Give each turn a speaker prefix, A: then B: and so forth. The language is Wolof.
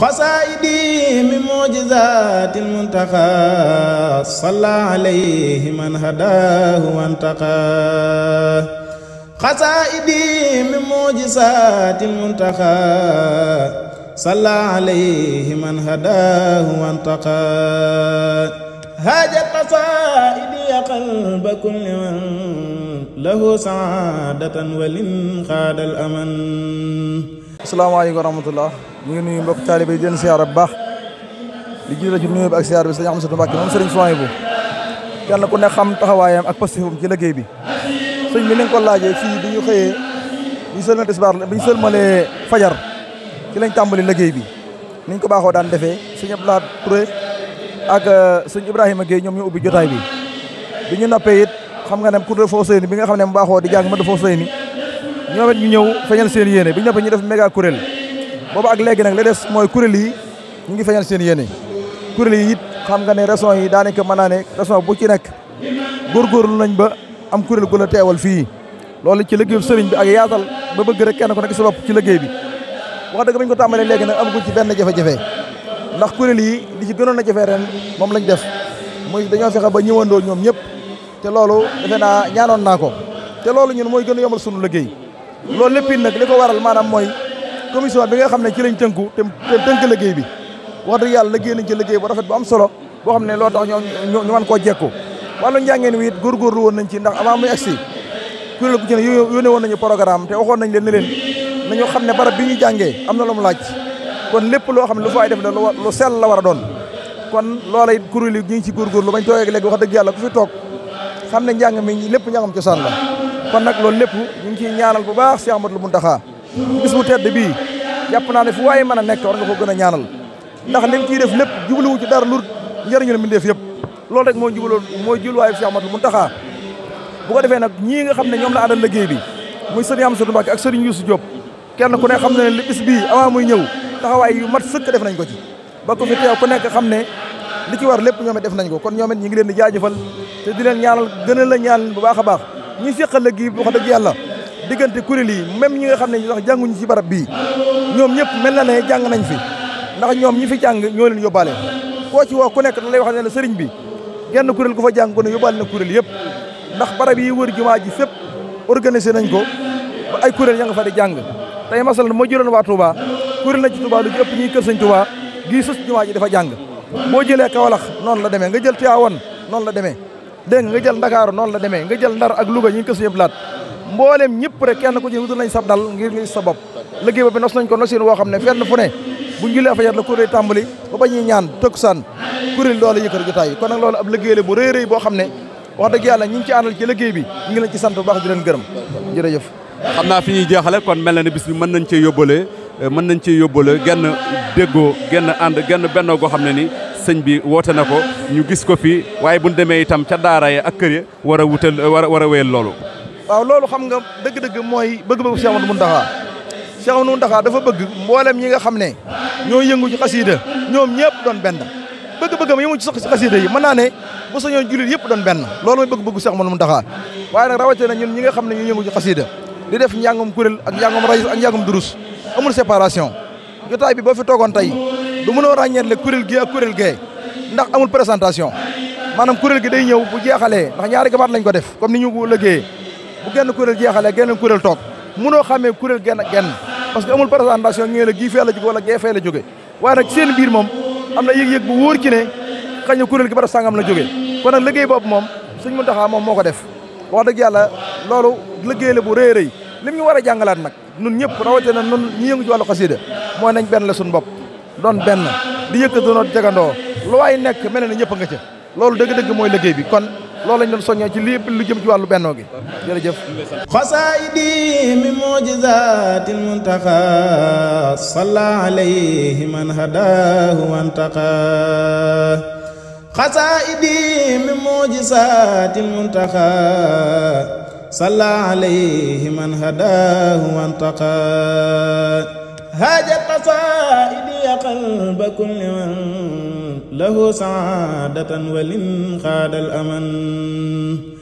A: xasaayidi min mujizati lmuntaqa salla alayhi man hadaahu wantaqa xasaayidi min mujizati lmuntaqa salla alayhi man hadaahu wantaqa haajat xasaayidi ya qalba kulli man lahu saadatan walin xaadal aman asalaamaaleykum wa rahmatullah ñu ngi nuyu mbokk taalibe
B: yi di leen siyaar bu baax di jiital ci nuyoo bi ak siyaar bi sëñ Amsatu Mbàkke moom sëriñ Souhaïbou kenn ku ne xam taxawaayam ak pastifam ci liggéey bi sëñ bi ni nga ko di fii bi ñu xëyee bi ñu sëlmalee tisbaar bi ñu sëlmalee fajar ci lañ tàmbali liggéey bi ni ñu ko baaxoo daan defee sëñ Abdoulaye Touré ak euh, sëñ Ibrahima Gueye ñoom ñu ubbi jotaay bi bi ñu noppee it xam nga ne kuréel foo sëy ni bi nga xam ne mu baaxoo di jàng ma da foo sëy ni ñoom it ñu ñëw feñal seen yéene bi ñu ñu def méga kuréel boobu ak léegi nag la des mooy kuréel yi ñu ngi feñal seen yéene kuréel yi it xam nga ne raison yi daanaka mën naa ne raison bu ci góor góorgóorlu nañ ba am kuréel gu la teewal fii loolu ci liggéeyu sëriñ bi ak yaatal ba bëgg rek kenn ku nekk sa bopp ci liggéey bi wax dëgg bañ ko tàmbalee léegi nag amaguñ ci benn jafe ndax kuréel yi di ci gënoon a jafee ren moom lañ def muy dañoo fexe ba ñëwandoo ñoom ñëpp te loolu defe naa ñaanoon naa ko te loolu ñun mooy gën a yombal sunu liggéey loolu lépp it nag li ko waral maanaam mooy commission bi nga xam ne ci lañ tënku te tënk liggéey bi wax dëgg yàlla liggéey nañ ci liggéey bu rafet bu am solo boo xam ne loo tax ñoo ñu koo jekku wàllu njàngeen wi it góorgóorlu woon nañ ci ndax avant muy agsi kuréel gu ci ne yónnee woon nañu programme te waxoon nañ leen ne leen nañu xam ne barab bi ñu jàngee am na lu mu laaj kon lépp loo xam ne lu fay def la lu sel la war doon kon loola it kuréel yi ñu ngi ci góorgóorlu bañ toogee léegi wax dëgg yàlla ku fi toog xam ne njàng mi lépp njàngam cosaan la kon nag loolu lépp ñu ngi ciy ñaanal bu baax Cheikh Ahmadou Mountakha bis bu tedd bii jàpp naa ne fu waaye mën a nekk war nga ko gën a ñaanal ndax lim ciy def lépp jubluwu ci dara lu la mi def yëpp loolu rek moo jubaloo mooy jubluwaayu Cheikh Ahmadou Mountakha bu ko defee nag ñii nga xam ne ñoom la àndal liggéey bi muy sëriñ Amsatou Mbacké ak sëriñ Youssou Diop kenn ku ne xam na ne li bis bii avant muy ñëw taxawaay yu mat sëkk def nañ ko ci ba ko fi teew ku nekk xam ne li ci war lépp ñoom def nañ ko kon ñoom it ñi ngi leen di jaajëfal te leen ñaanal gën a ñaan bu baax a baax ñi seqal la gi wax dëgg yàlla diggante kuréel yi même ñi nga xam ne ñu sax jànguñu si barab bii ñoom ñëpp mel na ne jàng nañ fi ndax ñoom ñi fi jàng ñoo leen yóbbaale koo ci woo ku nekk da lay wax ne la sëriñ bi genn kuréel ku fa jàng ko ne yóbbaale na kuréel yëpp ndax barab yi wër jumaa ji fépp organisé nañ ko ba ay kuréel ya nga fa di jàng tey masalan moo jëloon waa Touba kuréel na ci Touba lu ci ëpp ñuy kër sëñ Touba gii sës jumaa ji dafa jàng boo jëlee Kawlax noonu la demee nga jël Tiwaawan noonu la demee dégg nga nga jël ndakaaru noon la demee nga jël ndar ak Louga ñu ngi ko mboolem ñëpp kenn ku ci wutal nañ sab dal sa bopp liggéey ba bi nos nañ ko nosin woo xam ne fenn fu ne bu njulee fajar la kuréel tàmbali ba ba ñuy ñaan tëkkusaan kuréel loolu yëkkati jotaay kon nag loolu ab liggéey la bu boo xam ne wax dëgg yàlla ñi ngi ci àndal ci liggéey bi ñu ngi leen ci sant bu baax di leen gërëm jërëjëf xam naa fi ñuy jeexale kon mel na ne bis bi mën nañ cee yóbbale mën nañ cee yóbbale genn déggoo genn ànd genn bennoo goo xam ne ni sëñ bi woote na ko ñu gis ko fi waaye bu ñu demee itam ca daara ya ak kër ya war a wutal war war a loolu. waaw loolu xam nga dëgg-dëgg mooy bëgg-bëggu Cheikh Ahmadou Mountakha Cheikh Ahmadou Mountakha dafa bëgg mboolem ñi nga xam ne ñoo yëngu ci xasiida ñoom ñëpp doon benn bëgg-bëggam yi mu ci xasiida yi mën naa ne bu sañoon jullit yëpp doon benn loolu mooy bëgg-bëggu Cheikh Ahmadou Mountakha waaye nag rawatina ñun ñi nga xam ne ñoo yëngu ci xasiida di def njàngum kuréel ak njàngum ak njàngum durus amul séparation jotaay bi boo fi tey du mënoo ràññeetle kuréel gi ak kuréel gee ndax amul présentation maanaam kuréel gi day ñëw bu jeexalee ndax ñaari gabaat nañ ko def comme ni ñu ko lëggee bu genn kuréel jeexale genn kuréel toog mënoo xamee kuréel genn genn parce que amul présentation ñu la gii fee la jóge wala gee fee la jóge waaye nag seen biir moom am na yëg-yëg bu wóor ci ne kuréel gi ba def sàngam la jóge kon nag liggéey boobu moom suñ mun taxaa moom moo ko def wax dëgg yàlla loolu liggéey la bu rëy rëy lim ñu war a jàngalaat nag nun ñëpp rawatina nun ñi yëngu ci wàllu xasida mooy nañ benn la suñu bopp doon benn di yëkkatandoo jegandoo lu waay nekk mel na ñëpp nga ca loolu dëgg-dëgg mooy liggéey bi kon loolu lañ doon soññee ci lépp lu jëm ci wàllu bennoo gi jërëjëf
A: xasaayidi mi mujizaatil muntaqa salla alayhi man hadaahu wantaqa haajat qasaa'idi qalba kulli man lahu saadatan walin xaadal aman